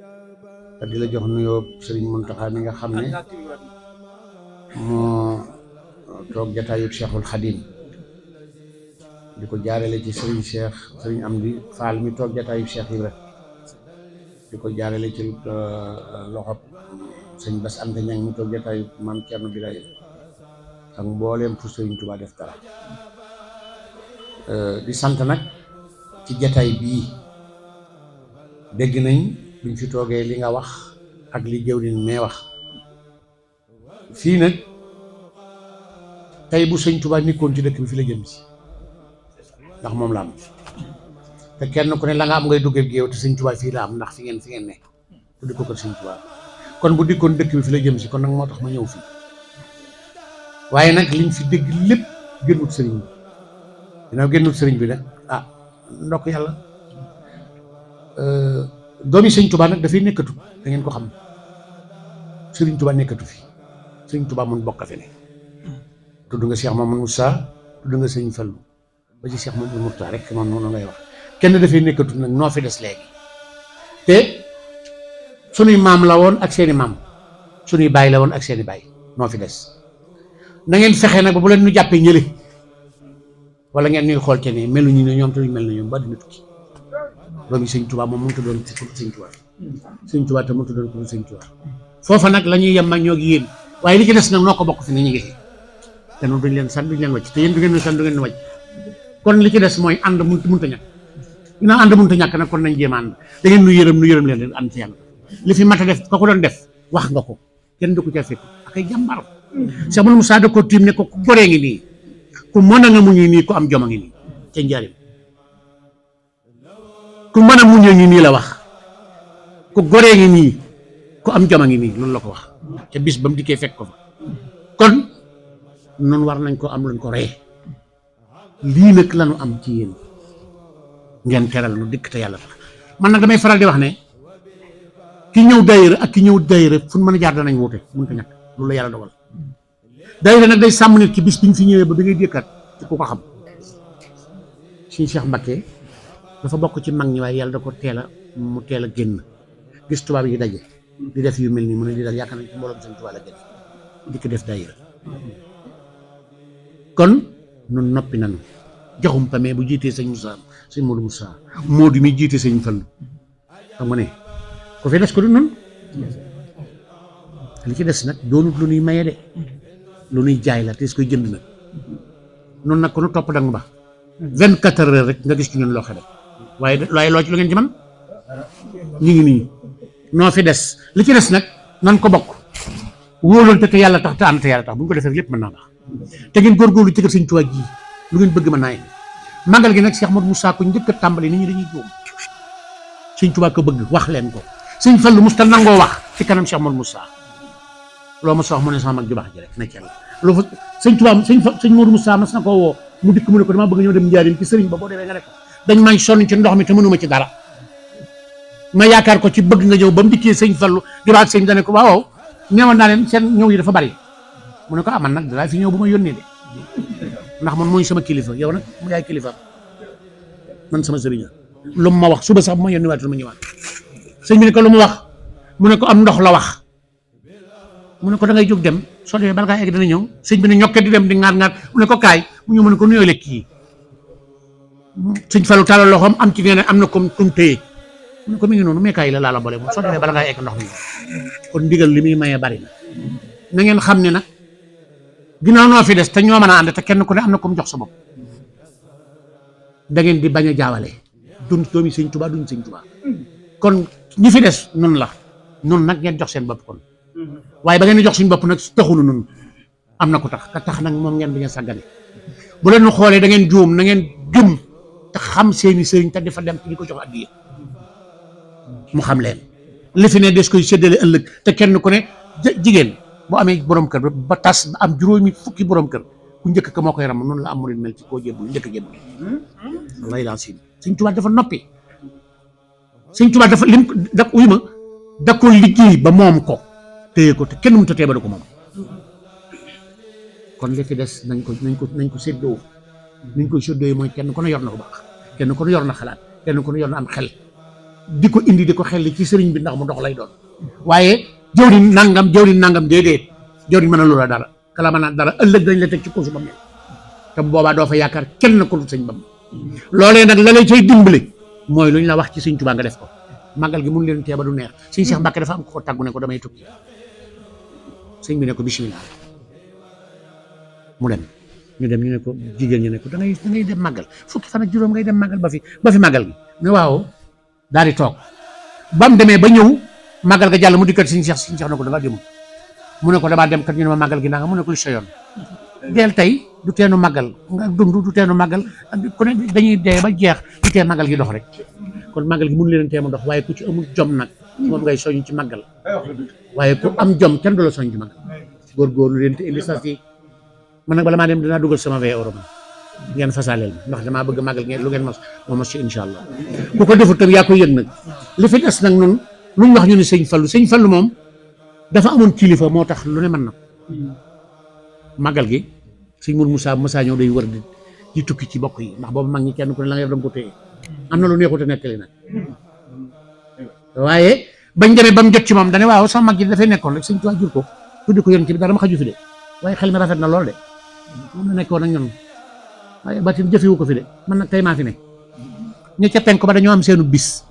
te di la jox nuyoo Serigne Mountakha mi nga xam ne moo toog jataayu Cheikhul Khadim di ko jaarale ci Serigne Cheikh Serigne Amdi Fall mi toog seex yi Ibra di ko jaarale ci euh, loxo sëñ Bass Anta Ñang mi toog jataayu Maam Cerno Birahim ak mbooleem fu Serigne Touba def dara euh, di sant nag ci jataay bii dégg nañ buñ fi toogee li nga wax ak li jëwriñ mee wax fii nag tey bu sëñ Tuubaa nikkoon ci dëkk bi fi la jëm si ndax moom la am te kenn ku ne la nga am ngay duggee géew te sëñ Tuubaa fii la am ndax fi ngeen fi ngeen ne bu dikko ko sëñ Tuubaa kon bu dikkoon dëkk bi fi la jëm si kon nag moo tax ma ñëw fii waaye nag liñ fi dégg lépp génnut sëriñ bi dinaa génnut sëriñ bi nag ah ndokk yàlla euh, doomi sëñ Touba nak dafay nekatu da ngeen ko xam sëriñ Touba nekatu fi sëriñ Touba mun bokka fi ne tuddu nga Cheikh Mamadou Moussa tuddu nga sëñ Fallou ba ci Cheikh Mamadou Mourtada rek man noonu lay wax kenn dafay nekatu nak no fi dess legi te sunuy mam la won ak seeni mam sunuy bay la won ak seeni bay no fi dess na ngeen fexé nak bu len ñu jappé ñëlé wala ngeen ñuy xol te ne melu ñi ñom tuñu mel ñom ba dina tukki romi seigne touba mom mënut a doon sëñ Tuubaa sëñ Tuubaa te mënut a doon ku sëñ Tuubaa foofa nag la ñuy ak ñoo yeen waye li ci dess nak noko bokku fi ni ñi ngi fi te noonu duñ leen sant duñ leen wacc te yeen du ngeen sant du ngeen wacc kon li ci dess moy and mu mu ta ñak ina and mu ta ñak nak kon nañ jema and da ngeen nu yeeram nu yeeram leen leen ànd ci yalla li fi mata def ko ko doon def wax nga ko ken du ko ci fek ak ay jambar sax mënu musa da ko tim ne ko ko goree ngi nii ku mën a nga muñu nii ku am jom ngi ni ci njariñ ku mën a muñ ngi nii la wax ku goree ngi nii ku am jom ngi nii loolu la ko wax te bis bam mu dikkee fekk ko fa kon non war nañ ko am luñ ko ree lii nag lanu am ci yéen ngeen teral nu dikk te yàlla tax man nag damay faral di wax ne ki ñëw daayira ak ki ñëw daayira fu mën a jaar danañ wuute mun ko ñàkk loolu la yàlla dogal daayira nag day sàmm nit ci bis biñ fi ñëwee ba bi ngay dékkaat ci ku ko xam suñu Cheikh Mbacké dafa bokk ci mag ñi waaye yàlla da ko teela mu teel a génn gis tubaab yi daje di def yu mel nii mu ne di daal yaakaar nañ ci mbooloom seen tubaab la génn ko def daayira kon nun noppi nañu jaxum pamee bu jiitee sëñ Moussa sëñ Modou Moussa Modou mi jiitee sëñ Fall xam ne ku fi des ko du nun li ci des nag doonut lu nuy maye de lu nuy jaay la te su koy jënd nag noonu nag ko topp danga ba vingt quatre heures rek nga gis ci ñun loo xam waaye waaye loo ci lu ngeen ci man ñu ngi nii noo fi des li ci des nag nan ko bokk wóolul te te yàlla tax te ànd te yàlla tax bu ñu ko defee lépp mën naa tax te ngeen góorgóorlu ci kër Sëñ Tuubaa ji lu ngeen bëgg mën naa yem màggal gi nag Cheikh Modou Moussa ko njëkk a tàmbali ñi dañuy juum Sëñ Tuubaa ko bëgg wax leen ko Sëñ Fallu musta wax ci kanam Cheikh Moussa ne sama mag ju ji rek na ci yàlla loolu fa Sëñ Tuubaa Sëñ Moussa mas na koo mu dikk mu ne ko damaa bëgg dem ci ba nga dañ may sonn ci ndox mi te mënuma ci dara ma yaakar ko ci bëgg nga ñew bam dikké dikkee fallu di wax sëñ dane ko waaw néma na len seen ñew yi dafa bari mu ne ko am ah, nak dara fi ñew buma ma yónnee de ndax man moy sama kilifa yow nak mu yaay kilifa man sama serigne lu ma wax suba sax ma yónnee watul ma ñewat sëñ bi ne ko lu mu wax mu ne ko am ndox la wax mu ne ko da ngay jog dem so demee bal ngaa egg dana ñew sëñ bi ne ñokket di dem di ngar ngar mu ne ko kay mu ñu mu ne ko nuyo lekki sëñ falu tàllal loxom am ci nee amna am kum tey mu ko mi ngi me kay la la bolé moom so dé ya, bala ngaa egg ndox mi kon digal limi maye bari na na ngeen xamni nak nag no fi dess te ñoo mëna a te kenn ku ne am kum jox sa bop da ngeen di baña jaawalé dun doomi sëñ dun kon ñi fi dess nun la nun nak ngeen jox seen bop kon waye ba ngeen jox suñu bop nak taxulu nun am ko tax ka tax nak mom ngeen bu leen xolé da ngeen joom na ngeen jum te xam seeni sëriñ te di fa dem te di ko jox addiya mu xam leen li ne des koy seddalee ëllëg te kenn ku ne jigéen boo amee borom kër ba tas ba am juróomi fukki borom kër ku njëkk ka moo koy ram noonu la am murid mel ci koo jébbul njëkk jébbul lay laa sin Sëñ Tuubaa dafa noppi Sëñ Tuubaa dafa lim da uyu ma da ko liggéey ba moom ko téye ko kenn mu ta ba ko moom kon li des nañ ko nañ ko nañ ko séddoo ni ñu koy séddoo mooy kenn ku ne yor na ko kenn ku ne yor na xalaat kenn ku ne yor am xel di ko indi di ko xel ci sëriñ bi ndax mu dox lay doon waaye jëwriñ nangam jëwriñ nangam déedéet jëwriñ mën a loola dara kala mën a dara ëllëg dañ la teg ci kuusu ba mel te boobaa doo fa yaakaar kenn ku dul sëñ bam loolee nag la lay dimbali mooy lu ñu la wax ci sëñ Tuubaa nga def ko màggal gi mun leen tee ba du neex sëñ Cheikh Mbacke dafa am ko tàggu ko damay tukki sëñ bi ne ko bisimilah mu dem ñu dem ñu ne ko jigéen ñu ne ko da ngay da ngay dem màggal fukki fan juróom ngay dem màggal ba fi ba fi màggal gi daal di toog ba mu demee ba ñëw màggal ga jàll mu dikkat siñ seex siñ seex na ko dafa jëm mu ne ko damaa dem kat ñu ne ma màggal gi naa nga mu ne ko koy soyoon deel tey du teenu màggal nga dund du teenu màggal ku ne dañuy dee ba jeex du tee màggal gi dox rek kon màggal gi mënu leen tee mu dox waaye ku ci amul jom nag moom ngay soññ ci maggal waaye ku am jom kenn du la soññ ci màggal góorgóorlu leen te indi sas man bala maa dem dinaa dugal sama wee euro ma ngeen fa salel ndax dama bëgg magal ngeen lu ngeen mos mo mos ci inshallah ku ko defu tam ya ko yëg nak li fi dess nak nun luñ wax ñu ni sëñ Fallu sëñ Fallu mom dafa amon kilifa motax lu ne man nak magal gi sëñ Mour Moussa Moussa ñoo day wër di tukki ci bokk yi ndax bobu mag ni kenn ku ne la ngay dem ko tey amna lu neexu te nekk li nak waye bañ demee bam jot ci mom dane waaw sama mag ji dafa nekkon rek sëñ tuwa jur ko tuddi ko yoon ci dara ma xaju fi de waye xel mi rafet na lool de moom la nekkoon ak ñun waaye batin jëfewu ko fi de man nag tey maa fi ne ñu ca penk ba dañoo am seenu bis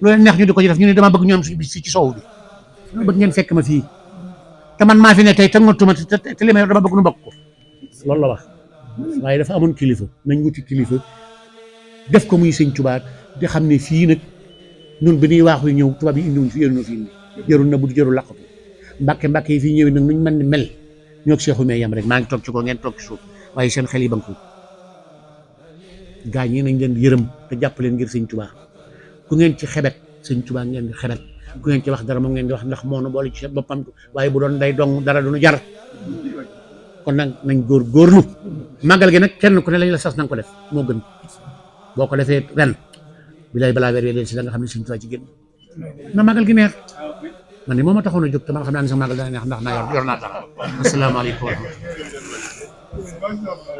lu leen neex ñu di ko ci def ñu ne dama bëgg ñu si suñu bis ci soow bi dama fekk ma fii te man maa fi ne tey tëngatuma te li may dama bëgg nu bokk ko loolu la wax waaye dafa amoon kilifa nañ wuti kilifa def ko muy sëñ tubaab di xam ne fii nag ñun bi ñuy waaxu ñëw tubaab yi indiwuñ fi yéen na fi indi jarul na bu jarul làqatu mbàkke mbàkke yi fii ñëwee nag nuñ mën ñoog Cheikh Oumy yam rek maa ngi toog ci ko ngeen tok ci suuf waaye seen xel yi banku gaañ yi nañ leen yërëm te japp leen ngir seigne touba ku ngeen ci xebet seigne touba ngeen di xebet ku ngeen ci wax dara mo ngeen di wax ndax bo ci bopam waye bu doon day dong dara du nu jar kon nak nañ gor góorlu magal gi nak kenn ku ne lañ la sas nang ko def mo gën boko defé ren bilay lay balaa weer da nga xamni seigne touba ci gën na magal gi neex man de moom a taxoon a jóg te man xam naa ne sax màggal dana neex ndax naa yor yor naa tax asalaamaaleykum wa rahmatulah